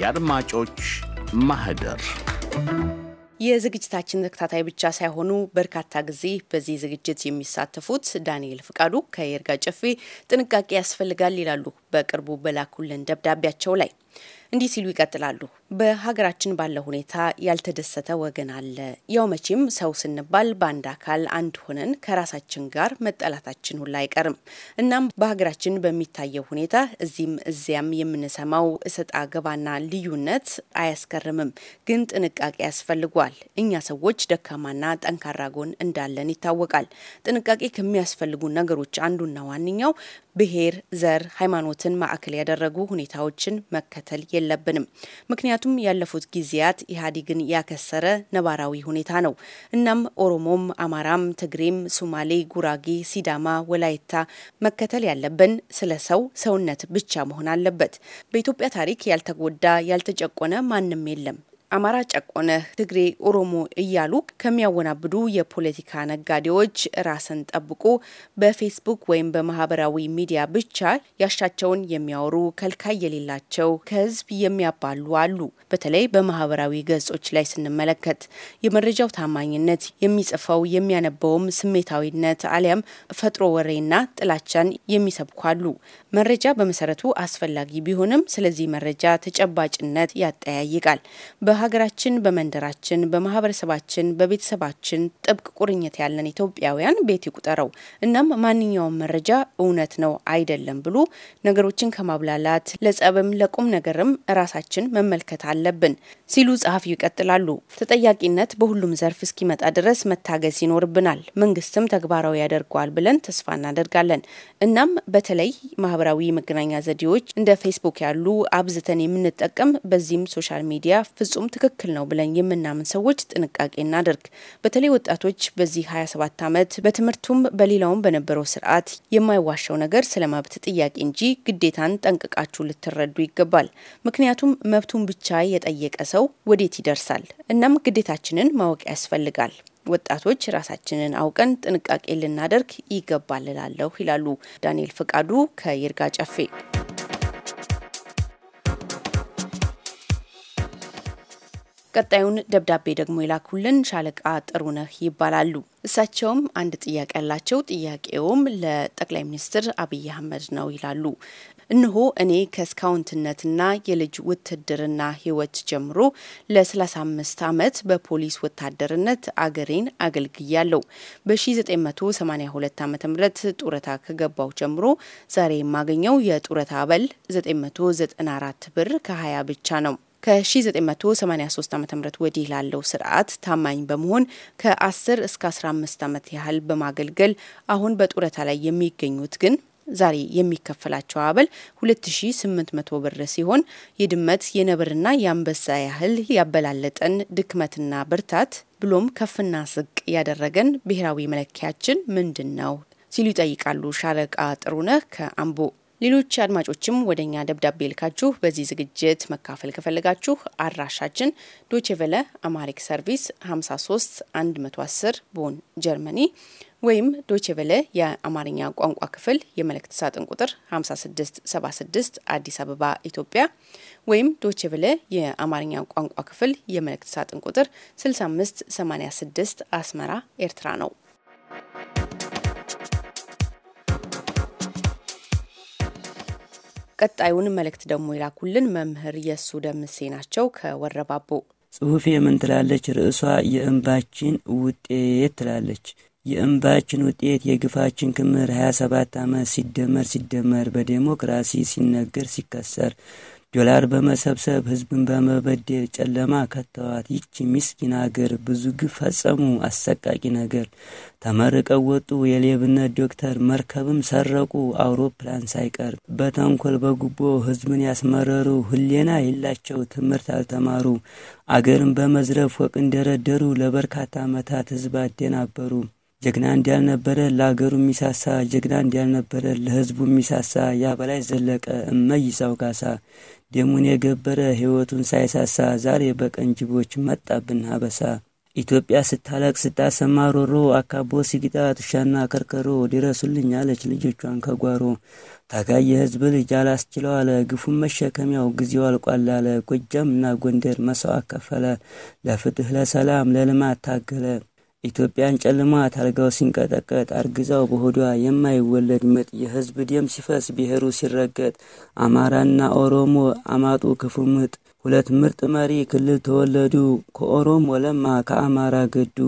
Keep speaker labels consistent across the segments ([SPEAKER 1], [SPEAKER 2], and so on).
[SPEAKER 1] የአድማጮች ማህደር
[SPEAKER 2] የዝግጅታችን ተከታታይ ብቻ ሳይሆኑ በርካታ ጊዜ በዚህ ዝግጅት የሚሳተፉት ዳንኤል ፍቃዱ ከየርጋ ጨፌ ጥንቃቄ ያስፈልጋል ይላሉ በቅርቡ በላኩልን ደብዳቤያቸው ላይ እንዲህ ሲሉ ይቀጥላሉ። በሀገራችን ባለው ሁኔታ ያልተደሰተ ወገን አለ። ያው መቼም ሰው ስንባል በአንድ አካል አንድ ሆነን ከራሳችን ጋር መጠላታችን ሁላ አይቀርም። እናም በሀገራችን በሚታየው ሁኔታ እዚህም እዚያም የምንሰማው እሰጣ ገባና ልዩነት አያስገርምም ግን ጥንቃቄ ያስፈልጓል። እኛ ሰዎች ደካማና ጠንካራ ጎን እንዳለን ይታወቃል። ጥንቃቄ ከሚያስፈልጉ ነገሮች አንዱና ዋነኛው ብሔር፣ ዘር፣ ሃይማኖትን ማዕከል ያደረጉ ሁኔታዎችን መከተል የለብንም። ምክንያቱም ያለፉት ጊዜያት ኢህአዴግን ያከሰረ ነባራዊ ሁኔታ ነው። እናም ኦሮሞም፣ አማራም፣ ትግሬም፣ ሱማሌ፣ ጉራጌ፣ ሲዳማ፣ ወላይታ መከተል ያለብን ስለ ሰው ሰውነት ብቻ መሆን አለበት። በኢትዮጵያ ታሪክ ያልተጎዳ ያልተጨቆነ ማንም የለም። አማራ ጨቆነህ፣ ትግሬ፣ ኦሮሞ እያሉ ከሚያወናብዱ የፖለቲካ ነጋዴዎች ራስን ጠብቁ። በፌስቡክ ወይም በማህበራዊ ሚዲያ ብቻ ያሻቸውን የሚያወሩ ከልካይ የሌላቸው ከህዝብ የሚያባሉ አሉ። በተለይ በማህበራዊ ገጾች ላይ ስንመለከት የመረጃው ታማኝነት የሚጽፈው የሚያነበውም ስሜታዊነት አሊያም ፈጥሮ ወሬና ጥላቻን የሚሰብኩ አሉ። መረጃ በመሰረቱ አስፈላጊ ቢሆንም ስለዚህ መረጃ ተጨባጭነት ያጠያይቃል። በሀገራችን፣ በመንደራችን፣ በማህበረሰባችን፣ በቤተሰባችን ጥብቅ ቁርኝት ያለን ኢትዮጵያውያን ቤት ይቁጠረው። እናም ማንኛውም መረጃ እውነት ነው አይደለም ብሎ ነገሮችን ከማብላላት ለጸብም ለቁም ነገርም ራሳችን መመልከት አለብን ሲሉ ጸሐፊው ይቀጥላሉ። ተጠያቂነት በሁሉም ዘርፍ እስኪመጣ ድረስ መታገዝ ይኖርብናል። መንግስትም ተግባራዊ ያደርገዋል ብለን ተስፋ እናደርጋለን። እናም በተለይ ማህበራዊ መገናኛ ዘዴዎች እንደ ፌስቡክ ያሉ አብዝተን የምንጠቀም በዚህም ሶሻል ሚዲያ ፍጹም በመሆኑም ትክክል ነው ብለን የምናምን ሰዎች ጥንቃቄ እናደርግ። በተለይ ወጣቶች በዚህ 27 ዓመት በትምህርቱም በሌላውም በነበረው ስርዓት የማይዋሻው ነገር ስለ መብት ጥያቄ እንጂ ግዴታን ጠንቅቃችሁ ልትረዱ ይገባል። ምክንያቱም መብቱን ብቻ የጠየቀ ሰው ወዴት ይደርሳል? እናም ግዴታችንን ማወቅ ያስፈልጋል። ወጣቶች ራሳችንን አውቀን ጥንቃቄ ልናደርግ ይገባል እላለሁ ይላሉ ዳንኤል ፍቃዱ ከይርጋ ጨፌ። ቀጣዩን ደብዳቤ ደግሞ የላኩልን ሻለቃ ጥሩነህ ይባላሉ። እሳቸውም አንድ ጥያቄ ያላቸው፣ ጥያቄውም ለጠቅላይ ሚኒስትር አብይ አህመድ ነው ይላሉ። እነሆ እኔ ከስካውንትነትና የልጅ ውትድርና ህይወት ጀምሮ ለ35 ዓመት በፖሊስ ወታደርነት አገሬን አገልግያለሁ። በ1982 ዓ ም ጡረታ ከገባው ጀምሮ ዛሬ የማገኘው የጡረታ አበል 994 ብር ከ20 ብቻ ነው። ከ1983 ዓ ም ወዲህ ላለው ስርዓት ታማኝ በመሆን ከ10 እስከ 15 ዓመት ያህል በማገልገል አሁን በጡረታ ላይ የሚገኙት ግን ዛሬ የሚከፈላቸው አበል 2800 ብር ሲሆን የድመት የነብርና የአንበሳ ያህል ያበላለጠን ድክመትና ብርታት ብሎም ከፍና ስቅ ያደረገን ብሔራዊ መለኪያችን ምንድን ነው ሲሉ ይጠይቃሉ ሻለቃ ጥሩነህ ከአምቦ። ሌሎች አድማጮችም ወደ እኛ ደብዳቤ ልካችሁ በዚህ ዝግጅት መካፈል ከፈለጋችሁ አድራሻችን ዶቼቨለ አማሪክ ሰርቪስ 53 110 ቦን ጀርመኒ ወይም ዶቼቨለ የአማርኛ ቋንቋ ክፍል የመልእክት ሳጥን ቁጥር 5676 አዲስ አበባ ኢትዮጵያ ወይም ዶቼቨለ የአማርኛ ቋንቋ ክፍል የመልእክት ሳጥን ቁጥር 6586 አስመራ ኤርትራ ነው። ቀጣዩን መልእክት ደግሞ የላኩልን መምህር የእሱ ደምሴ ናቸው ከወረባቦ።
[SPEAKER 3] ጽሁፌ ምን ትላለች? ርዕሷ የእንባችን ውጤት ትላለች። የእንባችን ውጤት የግፋችን ክምር 27 ዓመት ሲደመር ሲደመር በዴሞክራሲ ሲነገር ሲከሰር ዶላር በመሰብሰብ ህዝብን በመበደር ጨለማ ከተዋት ይቺ ምስኪን አገር። ብዙ ግፍ ፈጸሙ አሰቃቂ ነገር። ተመርቀው ወጡ የሌብነት ዶክተር፣ መርከብም ሰረቁ አውሮፕላን ሳይቀር። በተንኮል በጉቦ ህዝብን ያስመረሩ፣ ህሌና የላቸው ትምህርት አልተማሩ። አገርን በመዝረፍ ፎቅ እንደረደሩ፣ ለበርካታ ዓመታት ህዝብ አደናበሩ። ጀግና እንዳልነበረ ለአገሩ የሚሳሳ ጀግና እንዳልነበረ ለህዝቡ የሚሳሳ ያበላይ ዘለቀ እመይሳው ካሳ ደሙን የገበረ ሕይወቱን ሳይሳሳ ዛሬ በቀን ጅቦች መጣብን ሀበሳ። ኢትዮጵያ ስታለቅ ስታሰማ ሮሮ አካቦ ሲግጣ ትሻና ከርከሮ ድረሱልኝ አለች ልጆቿን ከጓሮ። ታጋይ የህዝብ ልጅ አላስችለው አለ ግፉን መሸከሚያው ጊዜው አልቋል አለ። ጎጃምና ጎንደር መሰዋ ከፈለ ለፍትህ ለሰላም ለልማት ታገለ። ኢትዮጵያን ጨልማ ታርጋው ሲንቀጠቀጥ አርግዛው በሆዷ የማይወለድ ምጥ የህዝብ ደም ሲፈስ ብሔሩ ሲረገጥ አማራና ኦሮሞ አማጡ ክፉ ምጥ ሁለት ምርጥ መሪ ክልል ተወለዱ ከኦሮሞ ለማ ከአማራ ገዱ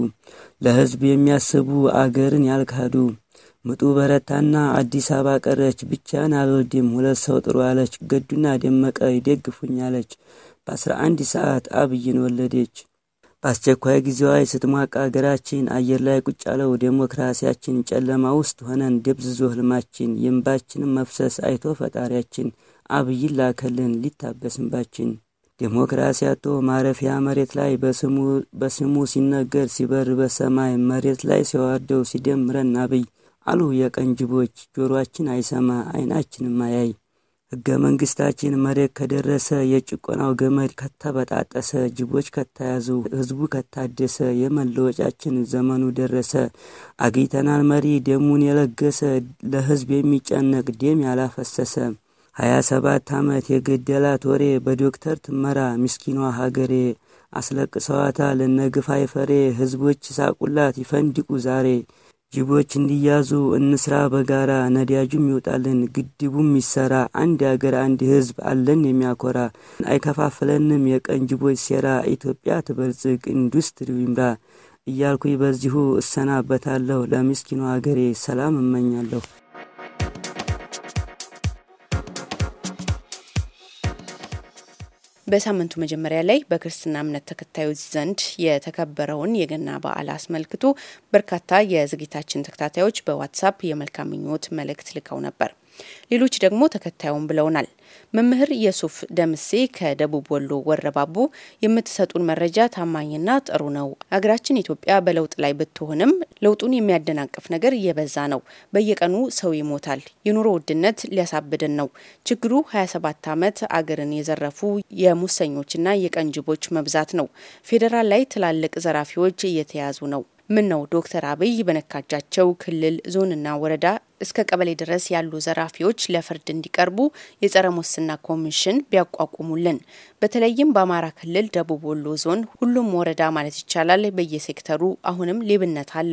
[SPEAKER 3] ለህዝብ የሚያስቡ አገርን ያልካዱ ምጡ በረታና አዲስ አበባ ቀረች ብቻን አልወልድም ሁለት ሰው ጥሩ አለች ገዱና ደመቀ ይደግፉኛለች በአስራ አንድ ሰዓት አብይን ወለደች። በአስቸኳይ ጊዜዋ የስትሟቅ አገራችን አየር ላይ ቁጭ ያለው ዴሞክራሲያችን ጨለማ ውስጥ ሆነን ደብዝዞ ህልማችን የእንባችንን መፍሰስ አይቶ ፈጣሪያችን አብይን ላከልን ሊታበስንባችን እንባችን። ዴሞክራሲ አቶ ማረፊያ መሬት ላይ በስሙ ሲነገር ሲበር በሰማይ መሬት ላይ ሲዋርደው ሲደምረን አብይ አሉ የቀንጅቦች ጆሮአችን አይሰማ አይናችንም አያይ ህገ መንግስታችን መሬት ከደረሰ፣ የጭቆናው ገመድ ከተበጣጠሰ፣ ጅቦች ከተያዙ፣ ህዝቡ ከታደሰ፣ የመለወጫችን ዘመኑ ደረሰ። አግኝተናል መሪ ደሙን የለገሰ፣ ለህዝብ የሚጨነቅ ደም ያላፈሰሰ። ሀያ ሰባት ዓመት የገደላት ወሬ፣ በዶክተር ትመራ ምስኪኗ ሀገሬ። አስለቅሰዋታል እነ ግፋይ ፈሬ፣ ህዝቦች ሳቁላት ይፈንድቁ ዛሬ። ጅቦች እንዲያዙ እንስራ በጋራ ነዳጁም ይወጣልን ግድቡም ይሰራ። አንድ አገር አንድ ህዝብ አለን የሚያኮራ አይከፋፍለንም የቀን ጅቦች ሴራ። ኢትዮጵያ ትበልጽግ ኢንዱስትሪ ይምራ እያልኩኝ በዚሁ እሰናበታለሁ። ለምስኪኑ አገሬ ሰላም እመኛለሁ።
[SPEAKER 2] በሳምንቱ መጀመሪያ ላይ በክርስትና እምነት ተከታዮች ዘንድ የተከበረውን የገና በዓል አስመልክቶ በርካታ የዝግጅታችን ተከታታዮች በዋትሳፕ የመልካም ምኞት መልእክት ልከው ነበር። ሌሎች ደግሞ ተከታዩን ብለውናል። መምህር የሱፍ ደምሴ ከደቡብ ወሎ ወረባቦ የምትሰጡን መረጃ ታማኝና ጥሩ ነው። አገራችን ኢትዮጵያ በለውጥ ላይ ብትሆንም ለውጡን የሚያደናቅፍ ነገር እየበዛ ነው። በየቀኑ ሰው ይሞታል። የኑሮ ውድነት ሊያሳብድን ነው። ችግሩ 27 ዓመት አገርን የዘረፉ የሙሰኞችና የቀንጅቦች መብዛት ነው። ፌዴራል ላይ ትላልቅ ዘራፊዎች እየተያዙ ነው። ምን ነው ዶክተር አብይ በነካጃቸው ክልል ዞንና ወረዳ እስከ ቀበሌ ድረስ ያሉ ዘራፊዎች ለፍርድ እንዲቀርቡ የጸረ ሙስና ኮሚሽን ቢያቋቁሙልን። በተለይም በአማራ ክልል ደቡብ ወሎ ዞን ሁሉም ወረዳ ማለት ይቻላል በየሴክተሩ አሁንም ሌብነት አለ።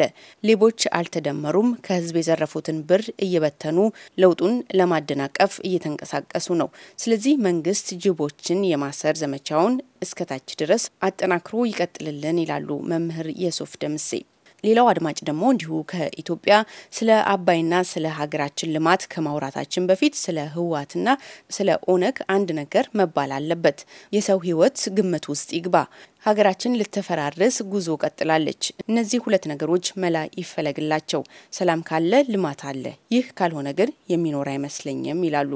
[SPEAKER 2] ሌቦች አልተደመሩም። ከህዝብ የዘረፉትን ብር እየበተኑ ለውጡን ለማደናቀፍ እየተንቀሳቀሱ ነው። ስለዚህ መንግስት ጅቦችን የማሰር ዘመቻውን እስከታች ድረስ አጠናክሮ ይቀጥልልን ይላሉ መምህር የሱፍ ደምሴ። ሌላው አድማጭ ደግሞ እንዲሁ ከኢትዮጵያ ስለ አባይና ስለ ሀገራችን ልማት ከማውራታችን በፊት ስለ ህወሓትና ስለ ኦነግ አንድ ነገር መባል አለበት። የሰው ህይወት ግምት ውስጥ ይግባ። ሀገራችን ልትፈራርስ ጉዞ ቀጥላለች። እነዚህ ሁለት ነገሮች መላ ይፈለግላቸው። ሰላም ካለ ልማት አለ። ይህ ካልሆነ ግን የሚኖር አይመስለኝም ይላሉ።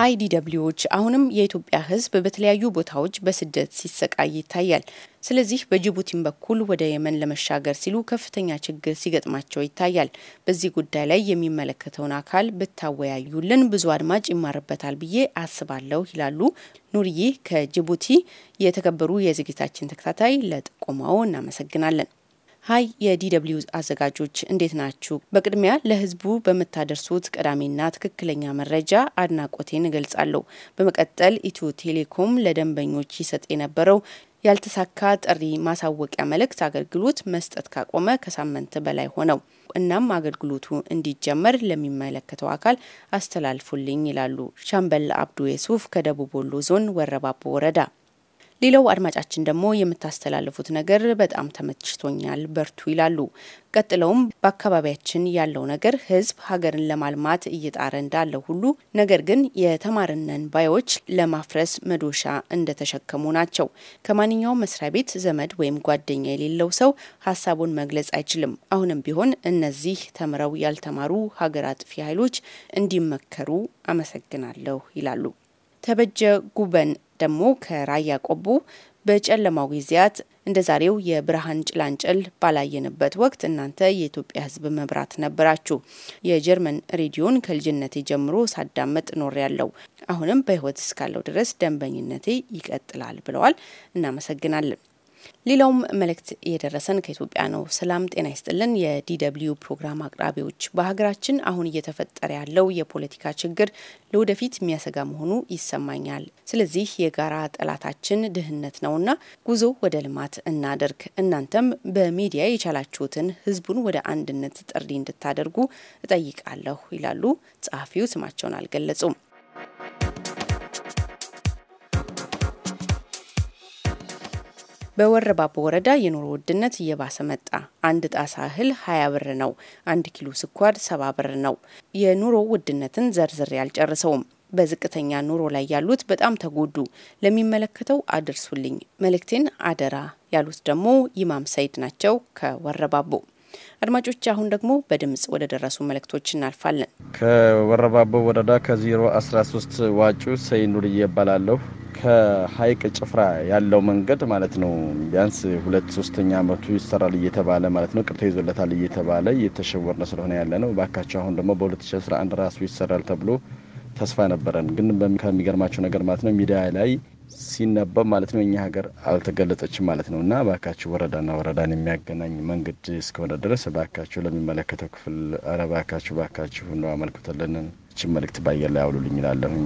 [SPEAKER 2] ሀይዲደብሊውዎች አሁንም የኢትዮጵያ ሕዝብ በተለያዩ ቦታዎች በስደት ሲሰቃይ ይታያል። ስለዚህ በጅቡቲም በኩል ወደ የመን ለመሻገር ሲሉ ከፍተኛ ችግር ሲገጥማቸው ይታያል። በዚህ ጉዳይ ላይ የሚመለከተውን አካል ብታወያዩልን ብዙ አድማጭ ይማርበታል ብዬ አስባለሁ ይላሉ ኑርዬ ከጅቡቲ። የተከበሩ የዝግጅታችን ተከታታይ ለጥቆማው እናመሰግናለን። ሀይ የዲደብልዩ አዘጋጆች እንዴት ናችሁ? በቅድሚያ ለህዝቡ በምታደርሱት ቀዳሚና ትክክለኛ መረጃ አድናቆቴን እገልጻለሁ። በመቀጠል ኢትዮ ቴሌኮም ለደንበኞች ይሰጥ የነበረው ያልተሳካ ጥሪ ማሳወቂያ መልእክት አገልግሎት መስጠት ካቆመ ከሳምንት በላይ ሆነው። እናም አገልግሎቱ እንዲጀመር ለሚመለከተው አካል አስተላልፉልኝ ይላሉ ሻምበል አብዱ የሱፍ ከደቡብ ወሎ ዞን ወረባቦ ወረዳ። ሌላው አድማጫችን ደግሞ የምታስተላልፉት ነገር በጣም ተመችቶኛል፣ በርቱ ይላሉ። ቀጥለውም በአካባቢያችን ያለው ነገር ህዝብ ሀገርን ለማልማት እየጣረ እንዳለ ሁሉ ነገር ግን የተማርነን ባዮች ለማፍረስ መዶሻ እንደተሸከሙ ናቸው። ከማንኛውም መስሪያ ቤት ዘመድ ወይም ጓደኛ የሌለው ሰው ሀሳቡን መግለጽ አይችልም። አሁንም ቢሆን እነዚህ ተምረው ያልተማሩ ሀገር አጥፊ ኃይሎች እንዲመከሩ አመሰግናለሁ ይላሉ። ተበጀ ጉበን ደግሞ ከራያ ቆቦ በጨለማው ጊዜያት እንደ ዛሬው የብርሃን ጭላንጭል ባላየንበት ወቅት እናንተ የኢትዮጵያ ሕዝብ መብራት ነበራችሁ። የጀርመን ሬዲዮን ከልጅነቴ ጀምሮ ሳዳመጥ ኖር ያለው አሁንም በሕይወት እስካለው ድረስ ደንበኝነቴ ይቀጥላል ብለዋል። እናመሰግናለን። ሌላውም መልእክት የደረሰን ከኢትዮጵያ ነው። ሰላም ጤና ይስጥልን። የዲደብልዩ ፕሮግራም አቅራቢዎች፣ በሀገራችን አሁን እየተፈጠረ ያለው የፖለቲካ ችግር ለወደፊት የሚያሰጋ መሆኑ ይሰማኛል። ስለዚህ የጋራ ጠላታችን ድህነት ነውና ጉዞ ወደ ልማት እናደርግ። እናንተም በሚዲያ የቻላችሁትን ህዝቡን ወደ አንድነት ጥሪ እንድታደርጉ እጠይቃለሁ ይላሉ። ጸሐፊው ስማቸውን አልገለጹም። በወረባቦ ወረዳ የኑሮ ውድነት እየባሰ መጣ። አንድ ጣሳ እህል ሀያ ብር ነው። አንድ ኪሎ ስኳር ሰባ ብር ነው። የኑሮ ውድነትን ዘርዝሬ አልጨርሰውም። በዝቅተኛ ኑሮ ላይ ያሉት በጣም ተጎዱ። ለሚመለከተው አድርሱልኝ መልእክቴን አደራ ያሉት ደግሞ ኢማም ሰይድ ናቸው ከወረባቦ። አድማጮች አሁን ደግሞ በድምጽ ወደ ደረሱ መልእክቶች እናልፋለን።
[SPEAKER 4] ከወረባቦ
[SPEAKER 1] ወረዳ ከ013 ዋጩ ሰይኑር እባላለሁ። ከሀይቅ ጭፍራ ያለው መንገድ ማለት ነው ቢያንስ ሁለት ሶስተኛ አመቱ ይሰራል እየተባለ ማለት ነው ቅርታ ይዞለታል እየተባለ እየተሸወርነ ስለሆነ ያለ ነው። ባካቸው አሁን ደግሞ በ2011 ራሱ ይሰራል ተብሎ ተስፋ ነበረን። ግን ከሚገርማቸው ነገር ማለት ነው ሚዲያ ላይ ሲነበብ ማለት ነው እኛ ሀገር አልተገለጸችም ማለት ነው። እና ባካችሁ ወረዳና ወረዳን የሚያገናኝ መንገድ እስከሆነ ድረስ ባካችሁ ለሚመለከተው ክፍል አረ ባካችሁ ባካችሁ ነው አመልክተልንን ች መልእክት በአየር ላይ አውሉልኝ ይላለሁኝ።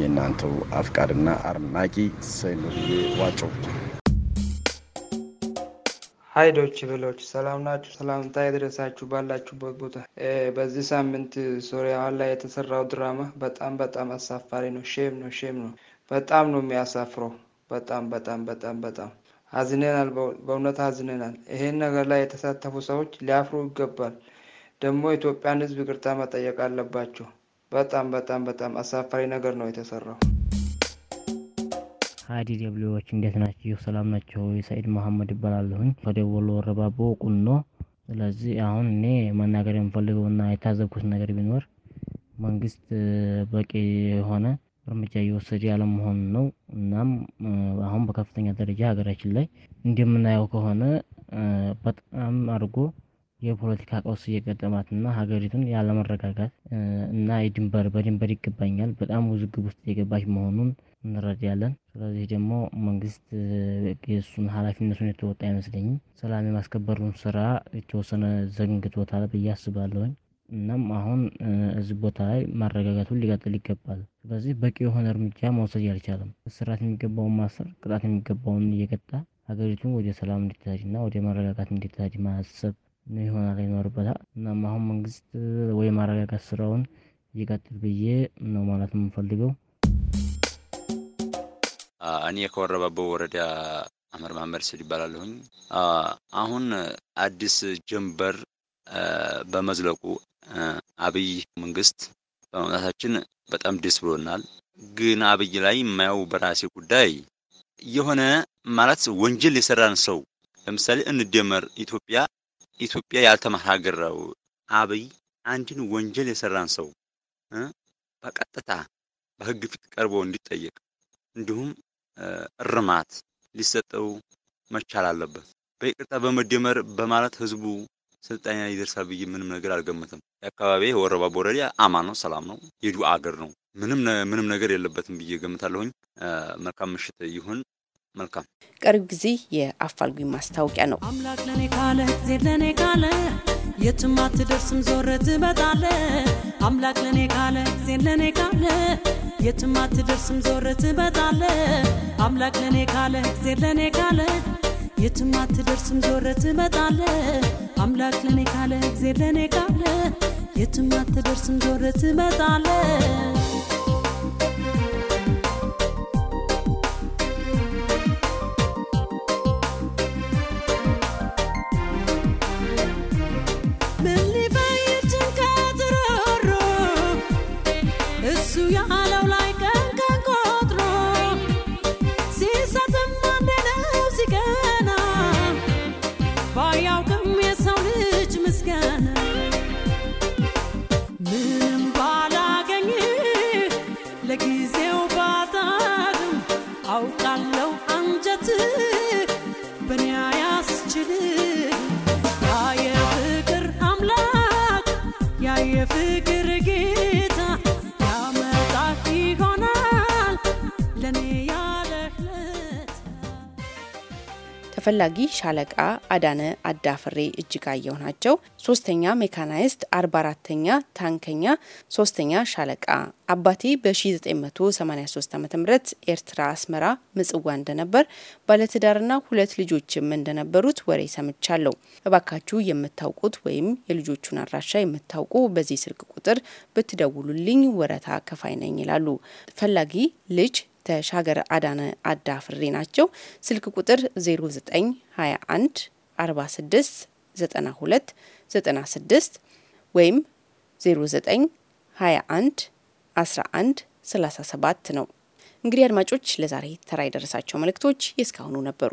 [SPEAKER 1] የእናንተው አፍቃሪና አድናቂ ሰይኑዬ
[SPEAKER 3] ዋጮ። ዶች ብሎች ሰላም ናችሁ? ሰላምታ የደረሳችሁ ባላችሁበት ቦታ። በዚህ ሳምንት ሶሪያዋን ላይ የተሰራው ድራማ በጣም በጣም አሳፋሪ ነው። ሼም ነው፣ ሼም ነው። በጣም ነው የሚያሳፍረው። በጣም በጣም በጣም በጣም አዝነናል። በእውነት አዝነናል። ይሄን ነገር ላይ የተሳተፉ ሰዎች ሊያፍሩ ይገባል። ደግሞ ኢትዮጵያን ሕዝብ ይቅርታ መጠየቅ አለባቸው። በጣም በጣም በጣም አሳፋሪ ነገር ነው የተሰራው።
[SPEAKER 1] ሀዲ ደብሊዎች እንዴት ናቸው? ሰላም ናቸው? የሰኢድ መሐመድ ይባላለሁኝ ከደወሎ ወረባቦ ቁኖ። ስለዚህ አሁን እኔ መናገር የምፈልገውና የታዘብኩት ነገር ቢኖር መንግስት በቂ የሆነ እርምጃ እየወሰደ ያለመሆኑ ነው። እናም አሁን በከፍተኛ ደረጃ ሀገራችን ላይ እንደምናየው ከሆነ በጣም አድርጎ የፖለቲካ ቀውስ እየገጠማትና ሀገሪቱን ያለመረጋጋት እና የድንበር በድንበር ይገባኛል በጣም ውዝግብ ውስጥ የገባች መሆኑን እንረዳለን። ስለዚህ ደግሞ መንግስት የእሱን ሀላፊነቱን የተወጣ አይመስለኝም ሰላም የማስከበሩን ስራ የተወሰነ ዘንግቶታል ብዬ አስባለሁኝ። እናም አሁን እዚህ ቦታ ላይ ማረጋጋቱን ሊቀጥል ይገባል። ስለዚህ በቂ የሆነ እርምጃ መውሰድ አልቻለም እስራት የሚገባውን ማሰር ቅጣት የሚገባውን እየቀጣ ሀገሪቱን ወደ ሰላም እንድትሄድና ወደ መረጋጋት እንዲታጅ ማሰብ ይሆናል ይኖርበታል። እናም አሁን መንግስት ወይ ማረጋጋት ስራውን እየቀጥል ብዬ ነው ማለት የምንፈልገው።
[SPEAKER 4] እኔ ከወረባቦ ወረዳ አመር ማመር ስል ይባላለሁኝ። አሁን አዲስ ጀንበር በመዝለቁ አብይ መንግስት በመምጣታችን በጣም ደስ ብሎናል። ግን አብይ ላይ የማየው በራሴ ጉዳይ የሆነ ማለት ወንጀል የሰራን ሰው ለምሳሌ እንደመር ኢትዮጵያ ኢትዮጵያ ያልተማረ ሀገር ነው። አብይ አንድን ወንጀል የሰራን ሰው በቀጥታ በህግ ፊት ቀርቦ እንዲጠየቅ እንዲሁም እርማት ሊሰጠው መቻል አለበት። በይቅርታ በመደመር በማለት ህዝቡ ስልጣኔ ይደርሳል ብዬ ምንም ነገር አልገመትም። የአካባቢ ወረባ ወረዳ አማን ነው፣ ሰላም ነው፣ የዱ አገር ነው። ምንም ምንም ነገር የለበትም ብዬ ገምታለሁኝ። መልካም ምሽት ይሁን።
[SPEAKER 2] መልካም ቅርብ ጊዜ የአፋልጉኝ ማስታወቂያ ነው።
[SPEAKER 5] አምላክ ለኔ ካለ ዜድ ለኔ ካለ የትም አትደርስም ዞረ ትመጣለ። አምላክ ለኔ ካለ ዜድ ለኔ ካለ የትም አትደርስም ዞረ ትመጣለ። አምላክ ለኔ ካለ ዜድ ለኔ ካለ የትም አትደርስም ዞረ ትመጣለ። አምላክ ለኔ ካለ ዜድ ለኔ ካለ የትም አትደርስም ዞረ ትመጣለ።
[SPEAKER 2] ተፈላጊ ሻለቃ አዳነ አዳፍሬ እጅጋየሁ ናቸው። ሶስተኛ ሜካናይስት፣ አርባ አራተኛ ታንከኛ፣ ሶስተኛ ሻለቃ። አባቴ በ1983 ዓ ም ኤርትራ አስመራ ምጽዋ እንደነበር ባለትዳርና ሁለት ልጆችም እንደነበሩት ወሬ ሰምቻለሁ። እባካችሁ የምታውቁት ወይም የልጆቹን አድራሻ የምታውቁ በዚህ ስልክ ቁጥር ብትደውሉልኝ ወረታ ከፋይ ነኝ ይላሉ። ፈላጊ ልጅ ተሻገር አዳነ ፍሬ ናቸው። ስልክ ቁጥር 0921 46 92 96 ወይም 0921 11 37 ነው። እንግዲህ አድማጮች ለዛሬ ተራ የደረሳቸው መልእክቶች የእስካሁኑ ነበሩ።